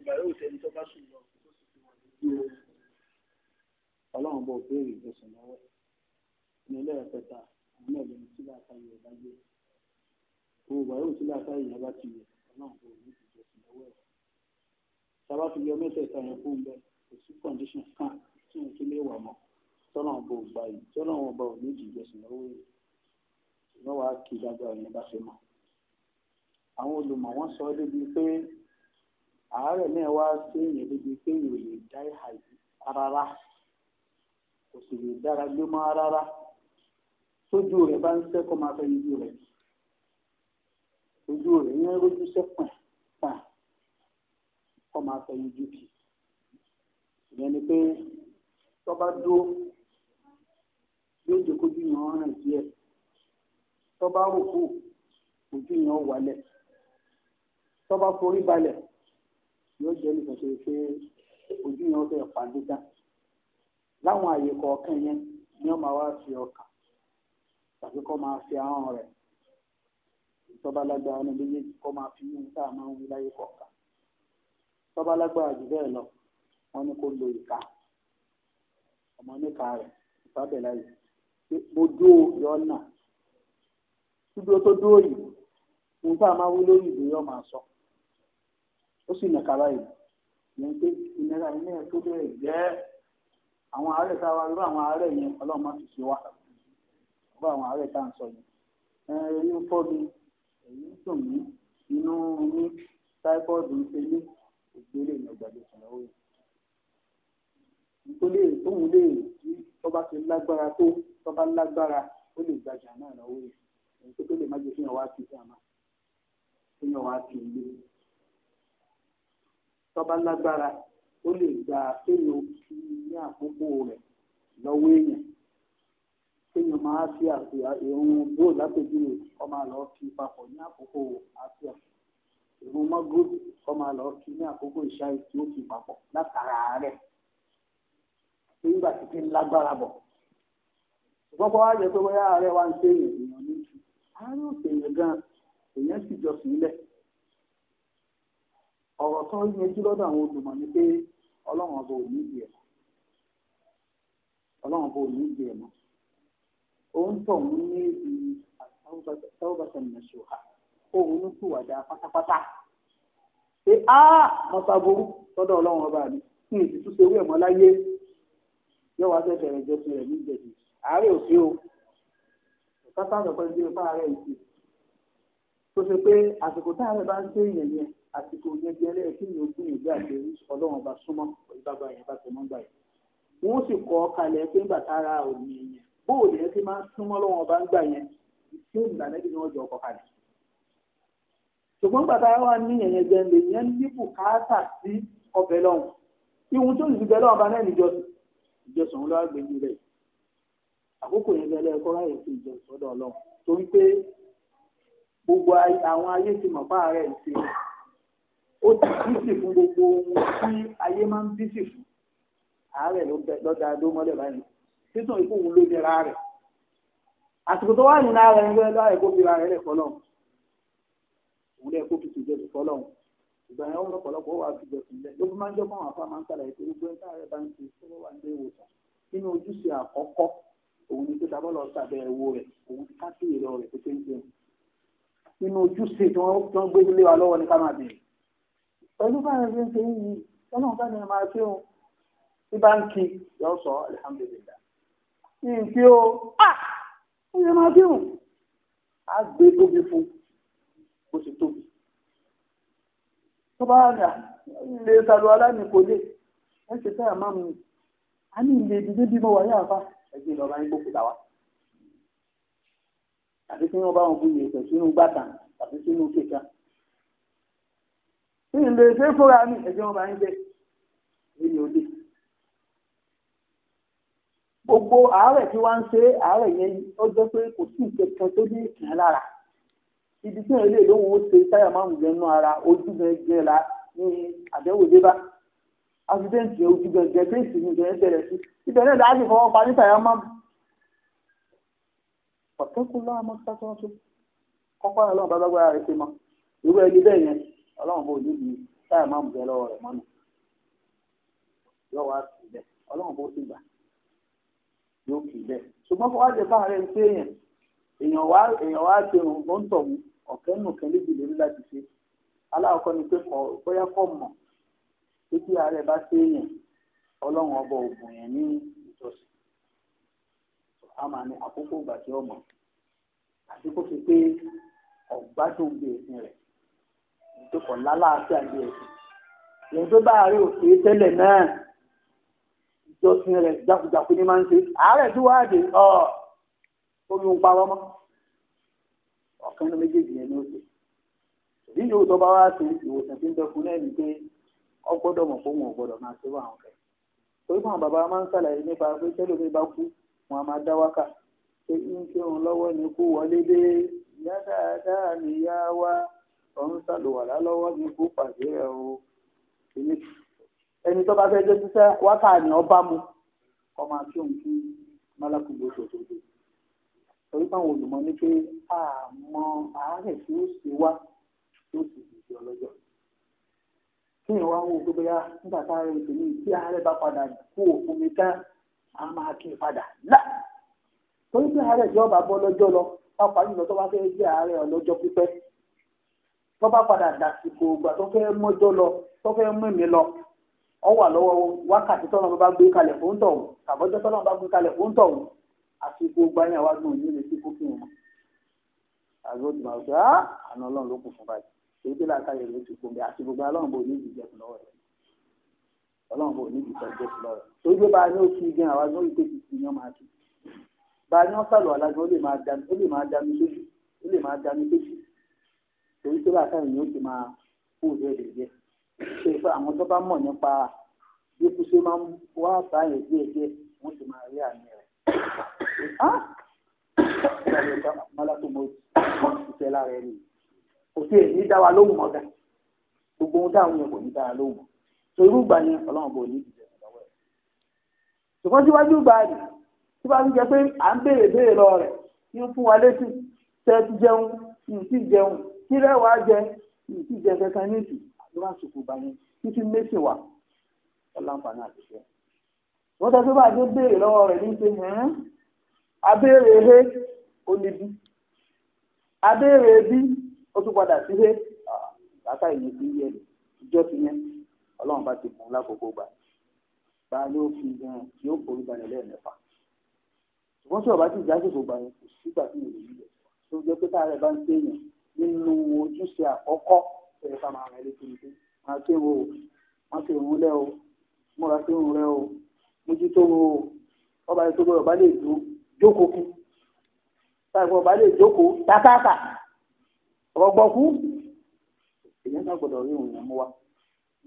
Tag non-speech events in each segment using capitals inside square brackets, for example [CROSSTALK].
ìgbà yóò tẹ̀lé tó bá sùn lọ. ọlọ́run bò béèrè ìjọsìn lọ́wọ́ ní ilé ẹ̀kẹta àwọn náà lẹ́nu tí láàká yìí ọba gbé gbogbo ìgbà yóò tí láàká yìí ọba ti yẹ ọlọ́run bò ní ìjọsìn lọ́wọ́ ẹ̀. sábà fi yọ mẹ́tẹ̀ẹ̀ta yẹn fún un bẹ́ẹ̀ kò sí kọ́ndíṣàn kan tí wọ́n tún lè wà mọ́ tọ́lọ́run bò gbà yìí tọ́lọ́run ọba ní ìjọsìn lọ́wọ́ ẹ̀ ṣùgbọ́n wàá kí dájọ́ yẹn bá fẹ́ mọ́ àwọn olùmọ̀ wọ́n sọ ọ́ débi pé àárẹ̀ náà wá séèyàn débi pé èèyàn ò lè dá ìhà yìí rárá kò sì lè dára gbé mọ́ rárá tójú rẹ̀ bá ń sẹ́kọ̀ọ́ máa fẹ́ yíjú rẹ̀ ojú rẹ̀ ń rójú sẹ́pọ̀n pọ̀n kọ́ máa fẹ́ yíjú kì ìyẹn ni pé tọ́ba dúró yóò jẹ́ kójú yẹn ọ̀ràn díẹ̀ tọ́ba rò kú ojú wálẹ̀ tọ́ba forí balẹ̀. yóò jẹ́ nìkan ṣe pé ojú yẹn fẹ́ pàdé dá láwọn àyè kọ̀ọ̀kan yẹn ni wọ́n máa wá fi ọkàn tàbí kọ́ máa fi ahọ́n rẹ̀ tọ́ba lágbára ní méjèèjì kọ́ máa fi yún tá a máa ń wí láyé kọ̀ọ̀kan tọ́ba lágbára jù bẹ́ẹ̀ lọ wọ́n ní kó lo ìka ọmọ níka rẹ̀ ìfábẹ̀ láyé mo dúró yọ náà dúdú tó dúró yìí ohun tá a máa lórí ìlú yọ máa sọ ó sì nàka báyìí ìyẹn pé ìnira ilé ẹ̀ tó bẹ̀rẹ̀ jẹ́ àwọn àárẹ̀ tá a wá irú àwọn àárẹ̀ yẹn ọlọ́run má fi ṣe wá irú àwọn àárẹ̀ tá à ń sọ yìí ẹ̀rí ń fọ́ mi èyí ń dùn mí inú mi táífọ́ọ̀dù ń ṣe mí ìgbélé ìnàgbàdo ìṣẹ̀lẹ̀ òye nítorí tóun lè rí tọ́ba ti lágbára tó tọ́ba lágbára ó lè gbajà náà lọ́wọ́ yìí èyí tó tó lè má jẹ́ kéèyàn wá sí ìyàmá kéèyàn wá sí ilé tọ́ba lágbára ó lè gba kéèyàn kí ní àkókò rẹ̀ lọ́wọ́ èèyàn kéèyàn máa fi ìrun bóòlù lápèjúwe kọ́ máa lọ kí papọ̀ ní àkókò àfíà ìrun mọ́gòdì kọ́ máa lọ kí ní àkókò ìṣáì tí ó kì papọ̀ látara rẹ̀ nígbà tí kí ń lágbára bọ̀ ṣùgbọ́n kọ́ wá jẹ́ pé bóyá ààrẹ wa ń ṣe èèyàn ní ààrẹ òṣèlú gan èèyàn sì jọ sílẹ̀ ọ̀rọ̀ tó ń yanjú lọ́dọ̀ àwọn olùmọ̀ ni pé ọlọ́run ọba ò ní ìdí ẹ̀ ọlọ́run ọba ò ní ìdí ẹ̀ mọ́ òun tọ̀ ń ní ibi àtàwùbàtàn nàṣọ̀hà òun ń kùwàdà pátápátá pé á mọ́tàbórú lọ́dọ̀ ọlọ́run ọba mi kí n sì tún ṣe owó ẹ̀mọ́ láyé yọ̀wá fẹ́ bẹ̀rẹ̀ ìjọsìn rẹ̀ nígbẹ̀dì àárẹ̀ òsì o kátà àgbẹ̀pẹ̀ ń gbé fáàrẹ̀ ìsìn tó ṣe pé àsìkò táàrẹ̀ bá ń ṣe ìyẹn yẹn àsìkò yẹn di ẹlẹ́yìn kí ni ó gbìyànjú àti ọlọ́run ọba súnmọ́ ìbába yẹn bá tẹ̀ mọ́ gbà yẹn. wọ́n sì kọ́ kalẹ̀ pé ńgbà tára òní yẹn bóòlù yẹn ti máa ń súnmọ́ lọ́wọ́n ọba ń gbà yẹn ìṣe ìlànà ìdí wọn jọ ọkọ̀ kalẹ̀. ṣùgbọ́n gbàtà wa ní yẹn jẹ́ ńlẹ̀ yẹn ní bùkátà sí ọbẹ̀ lọ́hùn ihun tó lùdí bẹ́ẹ̀ lọ́wọ́ ọba ti mọ̀ bá ààrẹ ó ti bísì fún gbogbo ohun tí ayé máa ń bísì fún àárẹ̀ lọ́dà ló mọ́lẹ̀ báyìí títún ikú òun ló nira rẹ̀ àsìkò tó wà nínú ara ẹni lọ́wọ́ ẹ̀kọ́ fi ra rẹ̀ lẹ́kọ́ lọ́hùn òun lẹ́kọ́ fi tìjọ sí kọ́ lọ́hùn ìgbà yẹn wọn lọ́pọ̀lọpọ̀ wà fi jọ sí ilẹ̀ ló fi máa ń jọ́ fáwọn afá máa ń sàlàyé pé gbogbo ẹ̀ka rẹ̀ bá ń ṣe tó wà ní ìwòsàn nínú ojúṣe àkọ́kọ́ òun ni pété abọ́lọ́ sàbẹ̀ ẹ̀wò rẹ̀ òun ti ká sí ìrọ̀ rẹ̀ pété ń jẹun nínú ojúṣe tí wọ́n gbé lé wa lọ́wọ́ ní ká máa bẹ̀rẹ̀ pẹ̀lú báyìí ṣe ń ṣe ń yí ọlọ́run bá ní ẹ máa ṣe òun bí bá ń kí yọ sọ alihamudulila ní nkí o ó ah! yẹ máa bí òun á gbé tóbi fún kó sì tóbi tó bá rà lè sàlù aláàmì kò lè ẹ ṣe fẹ́ àmọ́ mi a ní ilé ìdílé bí mo wà ní àfa ẹgbẹ́ ìlọba ń gbókù láwa tàbí kí wọ́n bá wọn bu ìyẹ̀pẹ̀ sínú gbàtà tàbí sínú kéka tí n lè ṣe fúnra mi ẹ̀jẹ̀ wọn bá ń jẹ èyí ò lè. gbogbo àárẹ̀ tí wọ́n ń ṣe àárẹ̀ yẹn ó jẹ́ pé kò sí ìkẹ̀kẹ́ tó ní ìkìlá lára ibi tí èlé lóhùn ó ṣe táyà márùn gẹnu ara ojú gẹ́gẹ́ la ní àdéhùn débà àfidẹ́ǹtì ojú gẹ́gẹ́ pé ìsinmi gẹ́gẹ́ bẹ̀rẹ̀ sí ìbẹ̀rẹ̀ láti fọwọ́ pa ní táyà márùn. ọ̀tẹ́kùn láàmú sátọ́tù kọ́kọ́ ọlọ́run bàbá gbára rẹ̀ ṣe mọ́ ìwé ẹni bẹ́ẹ̀ yẹn ọlọ́run bó ní ibi táyà máa ń bẹ lọ́wọ́ rẹ̀ mọ́nà lọ́wọ́ àti ibẹ̀ ọlọ́run bó ti gbà yóò kì í bẹ́ẹ̀. ṣùgbọ́n fún wájú fáwọn ẹni pé èèyàn èèyàn wá èèyàn wá ṣe òun tó ń tọ̀ ọ̀kẹ́ nù kẹ́lẹ́ jù lórí láti ṣe aláwọ̀kọ́ ni pé bóyá kọ́ mọ̀ pé kí ààrẹ bá ṣe èèyàn ọlọ́run ọba ògùn yẹn ní ìjọsìn a máa ní àkókò ìgbà tí ọmọ ìdókọ̀ lálàáfíà ní ẹ̀sìn lẹ́yìn tó bá àárẹ̀ òkè tẹ́lẹ̀ náà ìjọsìn rẹ̀ jákujáku ní máa ń ṣe àárẹ̀ tó wá dé ọ omi ń parọ́ mọ́ ọ̀kan ní méjèèjì yẹn ní tó bá wá ṣe ìwòsàn tí ń bẹ fún lẹ́yìn pé ọ mọ̀ fóun máa ṣe àwọn torí fún àwọn bàbá máa ń ṣàlàyé nípa pé tẹ́lẹ̀ mi bá kú wọn a máa dá ọ̀hún wà lọ́wọ́ ní kú pàdé ẹ̀ o ẹni tó bá fẹ́ sísẹ́ ọba mu kọ́ máa òun kí torí báwọn ní pé àmọ́ àárẹ̀ tí ó ṣe wá tí sì dìde ọlọ́jọ́ kí ni bóyá nígbà tá a rẹ ìpè ní tí àárẹ̀ bá padà kú òfin tán a máa kí padà lá torí pé àárẹ̀ tí ọba bọ́ lọ́jọ́ lọ pápá tó tó bá padà dàsìkò ògbà tó fẹ́ mọ́jọ́ lọ tó fẹ́ mú mi lọ ọ wà lọ́wọ́ wákàtí tọ́lọ́ bá gbé kalẹ̀ fún tọ̀hún tàbọ́jọ́ tọ́lọ́ bá gbé kalẹ̀ fún tọ̀hún àsìkò ògbà yẹn wá gbọ́n yín létí fún kíwọn àbí ó ti máa sọ á àná ọlọ́run ló kù fún báyìí èyí tí làákàyè rẹ̀ ti kún bí àti gbogbo ọlọ́run bò ní ìdíjẹ́ fún lọ́wọ́ rẹ̀ ọlọ́run bò ní ìdíjẹ́ fún lọ́wọ́ ni wọ́n máa kí bá a ní wọ́n sàlọ̀ alágbọ́n ó lè máa dami sójú ó lè torí tó bá sáyẹn ni ó ti máa kú ìbéèrè díẹ̀ ṣe pé àwọn tó bá mọ̀ nípa bí kú ṣe máa ń wá sáyẹn díẹ̀ díẹ̀ wọ́n ti máa rí àmì rẹ̀ ìyàwó ìta mọ́lá tó mọ ìṣẹ́ lára ẹni kò sí èyí dá wa lóhùn mọ́gà gbogbo ohun táwọn yẹn kò ní dá wa lóhùn mọ́ so irú ìgbà yẹn ọlọ́run kò ní ìjẹ́ ìlọ́wọ́ ẹ̀ ṣùgbọ́n síwájú ìgbà rẹ̀ síwájú jẹ́ pé à ń béèrè béèrè lọ rẹ̀ kí n fún wa létí tẹ́ ti jẹun kí n sì jẹun kí lẹ́wàá jẹ ìtì jẹ kankan ní ìtì àdúrà àsìkò báyẹn títí méjì wà ọlànfààní àtúnṣe wọ́n tẹ́ tó bá dé béèrè lọ́wọ́ rẹ̀ ní pé abéèrè he ó lè bí abéèrè bí ó tún padà sí he bàtà ìyẹn ti yẹ ìjọ ti yẹn ọlọ́run bá ti bùn lákòókò gbà bá a ló fi yan yóò forí balẹ̀ lẹ́ẹ̀mẹ́fà ṣùgbọ́n tí ọba ti jáde kò gbà yẹn kò sígbà tí ìròyìn rẹ̀ tó jẹ́ pé táà rẹ̀ bá ń téèyàn nínú ojúṣe àkọ́kọ́ tẹ̀lé ká máa rẹ̀ létí nípé máa ké wo o máa ké òun lẹ́ o múra sí òun rẹ o mójútó wo o ọba yẹn tó gbọdọ̀ bá lè dúró jókòó kú táyà gbọdọ̀ bá lè jókòó tákàtà ọgbọ́n kú èèyàn náà gbọdọ̀ rí òun mú wa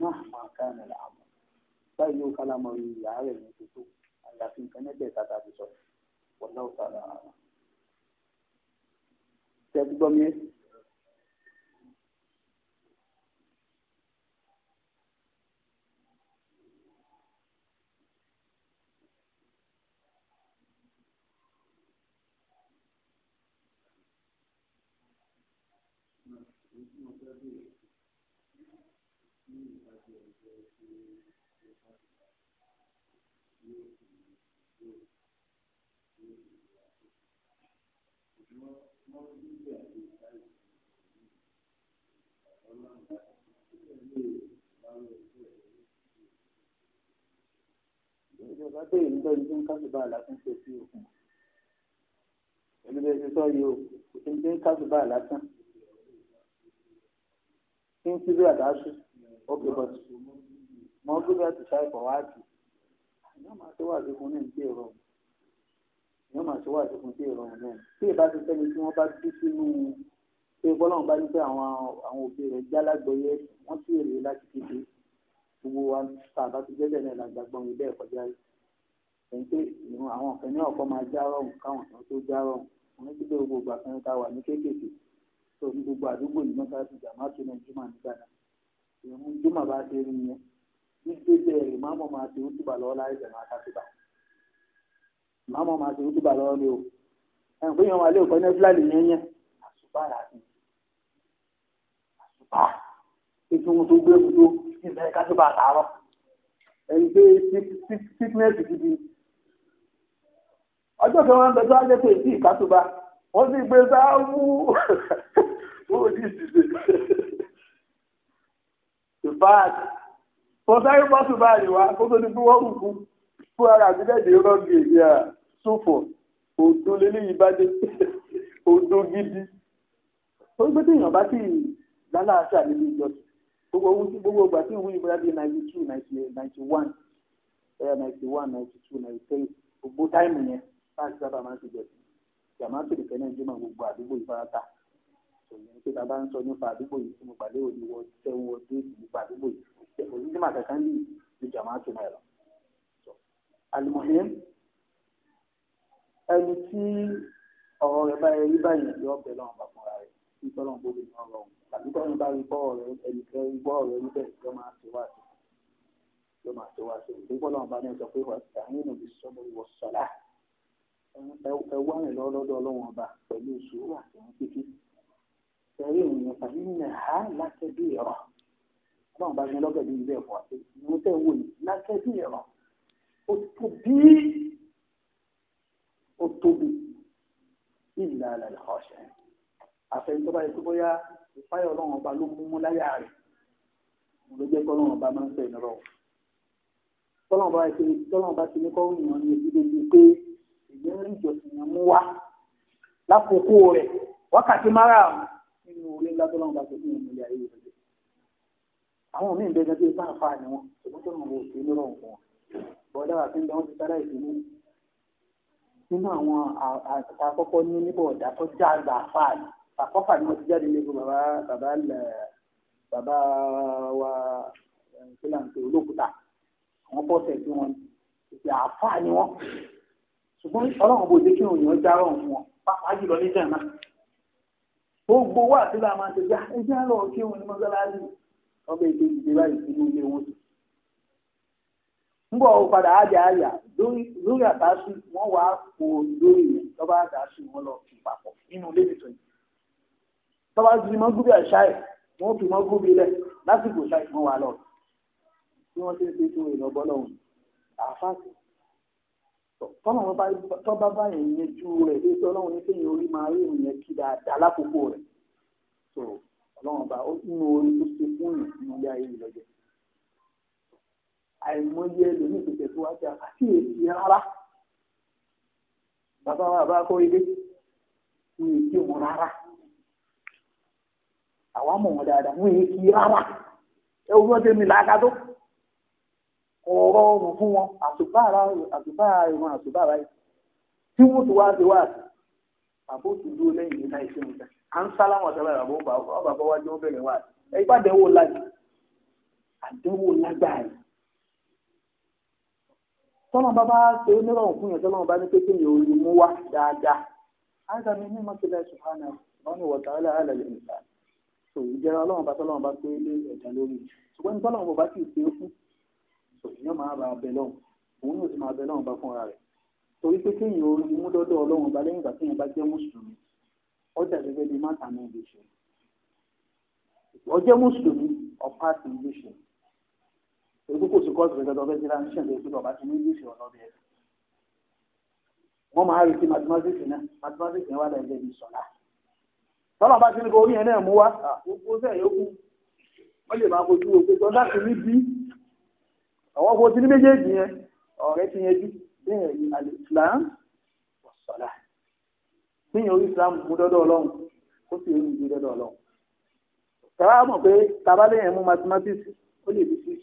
náà máa ká ẹ̀ lẹ́la àmọ́ báyìí yóò ká lámọ ìyá rẹ̀ ní tó àyàfi nǹkan ẹgbẹ́ tàbí àbísọ̀ wọ́n náà sára àwọn. Tẹ́gbọ́n mi ìjọba bẹ́ẹ̀ ń bẹ́ẹ̀ ní kásùbà lásán ṣe sí òkun ẹni bẹ́ẹ̀ ti sọ yìí o ń bẹ́ẹ̀ lásán in period aṣọ ok but mo gbé àti ṣáì pọ̀ wá jù yóò máa ṣe wáàdì fún náà dé ìrọ̀rùn yóò máa ṣe wáàdì fún dé ìrọ̀rùn náà tí ìbá ti sẹ́ni tí wọ́n bá dé sínú pé bọ́lọ́run bá ní pé àwọn àwọn òbí rẹ̀ já lágbọ́yé wọ́n sì rèé láti kéde gbogbo wa tá a bá ti gbẹ́sẹ̀ náà làgbàgbọ́n mi bẹ́ẹ̀ kọjá rí ẹni pé àwọn ọ̀fẹ́ ní ọ̀pọ̀ máa já rọrùn káwọn kan tó já rọrùn wọn ní pípé gbogbo àfẹ́ńtà wà ní kéékèèké tó ní gbogbo àdúgbò yìí mọ́sáàsì jàmá tó náà jùmọ̀ nígbà náà ìrún jùmọ̀ bá ṣe rí yẹn ní gbèsè rẹ̀ ìmáàmù máa ṣe òtúbà lọ́wọ́ láì jẹ̀mọ́ akásíbà ìmáàmù máa ṣe òtúbà lọ́wọ́ ni o ẹ̀hún pé yẹn wà lé òkọ́ ní fúlàní yẹn yẹn àṣùbà rà sí àṣùbà ètò ohun tó gbé gbogbo ìbẹ̀rẹ̀ kásíbà àtàrọ̀ ẹ̀yìn pé sickness gidi ọjọ́ kan wọn bẹ tó wá jẹ́ pé èsì ìkásíbà wọ́n sì gbé e sáà wú [LAUGHS] Who this is it? In fact, fọsáyé bọ́sù báyìí wá kó tó ní bí wọ́n kú fún ara àbílẹ̀dẹ̀ rọ́ọ̀gì èmi à sófò òdo lélẹ́yìí bá dé òdo gidi. ó gbé tí èèyàn bá sì lálàáṣà nínú ìjọsìn gbogbo owó tí gbogbo ọgbà tí ìwé ìmúra bíi ninety two ninety one ninety one ninety two ninety three gbogbo táìmù yẹn láti sábà máa ń ṣe jẹ jàmáà tó lè fẹ́ náà jẹ́ mọ́ gbogbo àdúgbò ìfarata ìyẹn pé tá a bá ń sọ nípa àdúgbò yìí tí mo pàdé òní wọ tẹ́wọ́n ọdún ìlú nípa àdúgbò yìí òní ní màkà kan lè ju jàmáà tó náà lọ. àlùmọ̀hìn ẹni tí ọ̀rọ̀ rẹ̀ bá rí báyìí ní ọ̀bẹ lọ́wọ́ bá fúnra rẹ̀ kí tọ́lọ́ gbogbo ìran rọrùn tàbí tọ́lọ́ bá rí bọ́ọ̀ rẹ̀ ẹnìkan rí bọ́ọ̀ rẹ̀ níbẹ̀ ló máa ṣe wá sí ló máa ṣe wá sí ìdí pọ́lọ́ bá ní sọ pé àyìn ìnàbí sọ́mọ́ ìwọ sọ́lá ẹ wá rìn lọ́dọ̀ ọlọ́wọ́n ọba pẹ̀lú sùúrù àti wọn kékeré ẹ̀rí òun yẹn pàdé nínú ẹ̀há lákẹ́bí ẹ̀rọ ọlọ́run bá yẹn lọ́gẹ̀dẹ̀ ilé ẹ̀kọ́ àti ìwọ́n tẹ̀ wò yìí lákẹ́bí ẹ̀rọ ó tóbi ó tóbi ìlà àlàyé ọ̀ṣẹ́ àfẹ́yìn tó bá yẹ kó bóyá ìfáyọ̀ ọlọ́run ọba ló mú mú láyà rẹ̀ mo ló jẹ́ kó ọlọ́run ọba máa ń fẹ́ ìnira ọ̀ tọ́lọ́run bá ti tọ́lọ́run bá ti ní kọ́ ìyàn ní ebi débi pé ìyẹn ń rí ìjọsìn mú wá lákòókò rẹ̀ wákàtí márùn-ún ńlá tó lọ́wọ́ bá ṣe fún ìmúlẹ̀ ayé rẹ̀ jẹ́ àwọn míì bẹ́ẹ̀ gẹ́gẹ́ bá àfa ni wọn ṣùgbọ́n tó lọ́wọ́ òsè lọ́rọ̀ wọn bọ́dá àti ń bẹ wọ́n ti sára ìdílé nínú àwọn àkọ́kọ́ ní níbọ̀ ọ̀dà tó já àgbà àfa ni àkọ́fà ni wọ́n ti jáde lẹ́gbẹ̀ẹ́ bàbá bàbá lẹ̀ bàbá wa kílàǹtì olókùúta àwọn pọ́sẹ̀ tí wọ́n wọn pàápàá gbogbo wa àti làwọn àti ìjà ìjà lọ kí òun ní mọ́sálásí ọbẹ̀ ìdè báyìí sínú ilé wọn. ń bọ̀ ọ padà ájà ájà lórí àtàṣù wọ́n wàá kó lórí rẹ̀ lọ́ba àtàṣù wọn lọ kí papọ̀ nínú ilé nìtọ́jú. tọ́ba ti mọ́ gúbí àṣà ẹ̀ wọ́n fi mọ́ gúbí lẹ̀ lásìkò ṣáà ìfọ̀n wa lọ. bí wọ́n ti ń ṣe tó ìlọ́bọ́ lọ́hùn-ún àfáàsì tọ́lọ́run bá tọ́ba báyìí yanjú rẹ̀ bí pé ọlọ́run ní kéèyàn orí máa rí ìrìn yẹn kí dáadáa lákòókò rẹ̀ so ọlọ́run bá nínú orí tó ṣe fún yìí nínú ilé ayé ìlọ́jọ́ àìmọye ẹlòmíì ti tẹ̀síwájú àti èsì rárá bàbá wa bá kọ́ ilé wọn èsì wọn rárá àwa mọ̀ wọn dáadáa wọn èsì rárá ẹ wọ́n tẹ́ mi làákàtó kò rọrùn fún wọn àtùbá ara àtùbá ìwọn àtùbá ara yìí tí wọn ti wá ti wá àti àbó ti dúró lẹ́yìn ní láì sínú ìta à ń sá láwọn ọ̀sẹ̀ báyìí àbó ọba bá wájú ó bẹ̀rẹ̀ wá ẹ̀ ipá dẹ̀wò lájú àdẹ̀wò lágbàá yìí tọ́lọ́n bá bá ṣe onírọ̀rùn fún yẹn tọ́lọ́n bá ní pépé yẹn orí mú wá dáadáa ága mi ní mọ́tìlá ṣùgbọ́n àwọn ìwọ̀ tààlà àlàyé nìkan tó ìjẹra ọlọ́run bá tọ́lọ́run bá pé lé ẹ̀dá lórí ṣùgbọ́n tọ́lọ́run bá sì ṣe é fún èèyàn máa bá abẹ lọ́hùn òun yóò sì máa bẹ lọ́hùn bá fúnra rẹ̀ torí pé kéèyàn orí mú dọ́dọ̀ ọlọ́run bá lẹ́yìn ìgbà téèyàn bá jẹ́ mùsùlùmí ọjà gẹ́gẹ́ bíi máta náà lè ṣe ọjẹ́ mùsùlùmí ọ̀pá àti ìgbésẹ̀ torí pé kò sí kọ́ọ̀sì gẹ́gẹ́ tó fẹ́ jẹ́ láti ṣẹ̀dẹ̀ pé bàbá ti ní ìgbésẹ̀ ọ̀nà bẹ́ẹ̀ wọ́n máa retí mathematics náà mathematics náà wà láì lẹ́bi sọ̀lá tọ́lá bá ti ní kó orí yẹn náà mú wá gbogbo sẹ́yìn ó kú wọ́n lè máa kojú òkú tọ́ láti ní bí àwọn wo ti ní méjèèjì yẹn ọ̀rẹ́ ti yẹn bí bẹ́ẹ̀ ni alẹ́ islam ọ̀sọ̀lá níyàn orí islam mú dọ́dọ̀ ọlọ́run ó sì rí ìdí dọ́dọ̀ ọlọ́run tàbá mọ̀ pé tàbá lẹ́yìn mú mathematics ó lè ní c six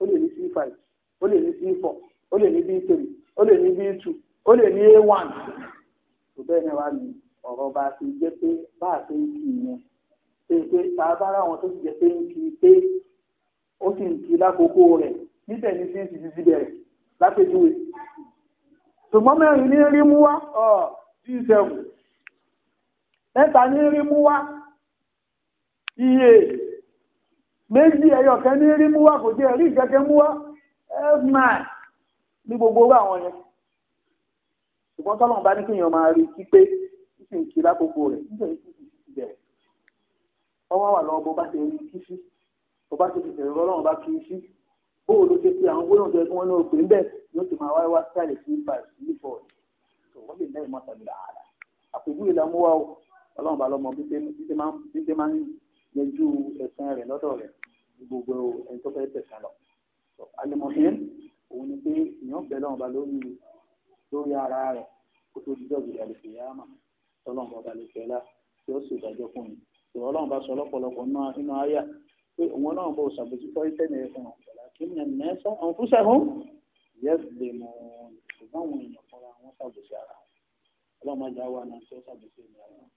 ó lè ní c five ó lè ní c four ó lè ní b three ó lè ní b two ó lè ní a one kò bẹ́ẹ̀ náà wà ní ọ̀rọ̀ bá a ti jẹ́ pé bá a ti ń kì í yẹn pé pé tàbá ara wọn tó ti jẹ́ pé ń kì pé ó sì ń kì lákòókò rẹ̀ níbẹ̀ ni fíìsì ti ti bẹ̀rẹ̀ lápèjúwe ṣùgbọ́n mẹ́rin ní rí mú wá ọ̀ sí ìṣẹ̀wù mẹ́ta ní rí mú wá iye méjì ẹyọ kan ní rí mú wá kò jẹ́ rí ìkẹ́kẹ́ mú wá ẹ̀fúnà ní gbogbo owó àwọn yẹn ṣùgbọ́n tọ́lọ́run bá ní kéèyàn máa rí kí pé kí sì ń kí lákòókò rẹ̀ níbẹ̀ ni fíìsì ti bẹ̀rẹ̀ ọwọ́ wà lọ́wọ́ bó bá ti rí kí bó bá ti fi tẹ̀rẹ̀ rọ́lọ́run bá kí bóò ló ṣe pé àwọn gbólóhùn tó yẹ kí wọ́n náà pè ń bẹ̀ yóò ti máa wáyé wá sáàlì sí ibà sí ìfọ̀ tó wọ́n lè lẹ́yìn mọ́ta bí làárà àpèjú ìlànà wa o ọlọ́run bá lọ́mọ bí ṣe máa ń yanjú ẹ̀sán rẹ̀ lọ́dọ̀ rẹ̀ gbogbo ẹni tó fẹ́ tẹ̀sán lọ. alimọ̀hìn òun ni pé èèyàn bẹ̀ lọ́run bá lórí lórí ara rẹ̀ kó tó dídọ̀ gbèrè àlè fìyàmà tọ́lọ́run bá balẹ̀ fẹ́lá tí ó sì dájọ́ fún mi. ìrọ̀lọ́run bá sọ lọ́pọ̀lọpọ̀ nínú àyà pé òun náà bó ṣàbójútó ìtẹ́nìyẹ fún ọ inna an-nasa anfusahum yazlimun ṣùgbọ́n àwọn èèyàn fúnra wọn ṣàbòsí ara wọn ọlọ́mọdé àwọn àna tí ìlú ara wọn.